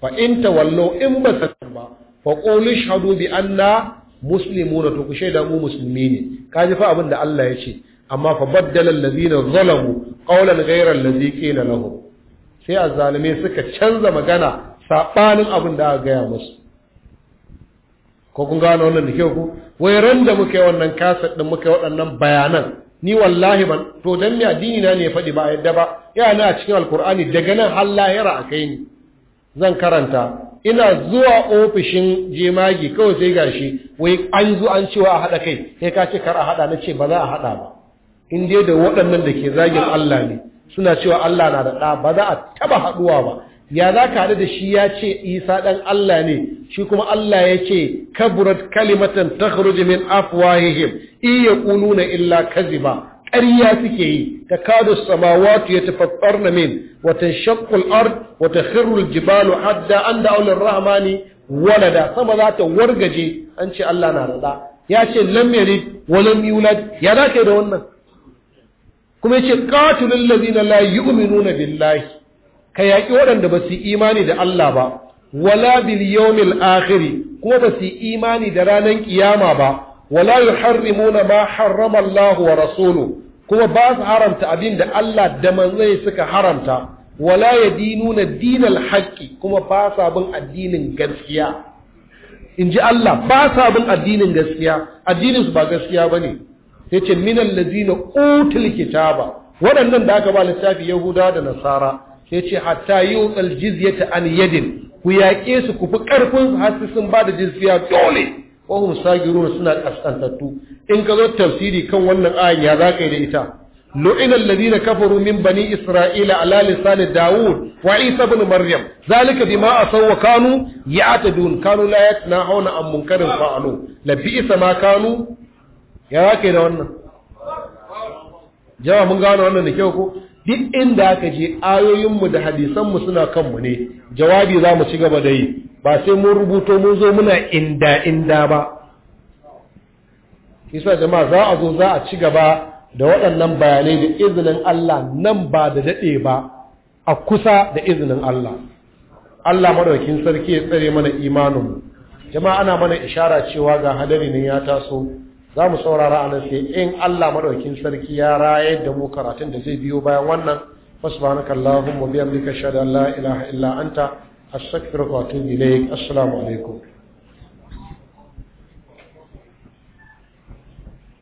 fa in in ba su ba fa qulu shahadu bi anna muslimuna to ku shaida mu musulmi ne kaji fa abin da Allah ya ce amma fa baddala allazina zalamu qawlan ghayra allazi qila lahum sai azzalume suka canza magana sabanin abin da aka gaya musu ko kun gano wannan da kyau ku wai ran da muka yi wannan kasar din muka waɗannan bayanan ni wallahi ban to dan me addini na ne ya faɗi ba a yadda ba yana a cikin alkur'ani daga nan har lahira a kai ni zan karanta ina zuwa ofishin jemagi kawai sai gashi wai an zo an cewa a haɗa kai sai ka ce kar a haɗa na ce ba za a haɗa ba in dai da waɗannan da ke zagin Allah ne suna cewa Allah na da ɗa ba za a taɓa haɗuwa ba ya za ka haɗu da shi ya ce isa ɗan Allah ne shi kuma Allah ya ce kaburat kalimatan ta min afwahihim iya ƙununa illa kaziba ƙarya suke yi ta kada samawatu ya tafaffar na min wata shakkul ard wata khirul jibalu hadda an da aulin rahmani walada sama za ta wargaje an ce Allah na rada ya ce lam yalid wa lam yulad ya za ka da wannan kuma ya ce qatilul ladina la yu'minuna billahi ka yaƙi waɗanda ba su imani da Allah ba wala bil yawmil akhir kuma ba su imani da ranar kiyama ba wala yuharrimuna ma harrama Allah wa rasuluhu kuma ba su haramta abin da Allah da manzai suka haramta wala yadinuna dinal haqqi kuma ba sa bin addinin gaskiya ji Allah ba sa bin addinin gaskiya addinin su ba gaskiya bane yace minal ladina utul kitaba waɗannan da aka ba littafi yahuda da nasara yace ce hatta yutsal jizyata an yadin ku yaƙe su ku fi ƙarfinsu su ba da jizya dole wahum sagirun suna kaskantattu in ka zo tafsiri kan wannan ayan ya zaka da ita lu'ina alladhina kafaru min bani isra'ila ala lisan daud wa isa ibn maryam zalika bima asaw wa kanu ya'tadun kanu la yatanahuna an munkarin fa'alu la bi'sa ma kanu ya zaka da wannan jama mun gano wannan da kyau ko duk inda aka je ayoyinmu da hadisanmu suna kanmu ne jawabi za mu ci gaba da yi ba sai mun rubuto mun zo muna inda inda ba kisa jama'a za a zo za a ci gaba da waɗannan bayanai da izinin Allah nan ba da daɗe ba a kusa da izinin Allah Allah maɗaukin sarki ya tsare mana imaninmu jama'a ana mana ishara cewa ga hadari ne ya taso za mu saurara a nan sai in Allah maɗaukin sarki ya rayar da mu karatun da zai biyo bayan wannan fasbanaka Allahumma biyamdika shada la ilaha illa anta astaghfiruka wa atubu ilaik assalamu alaikum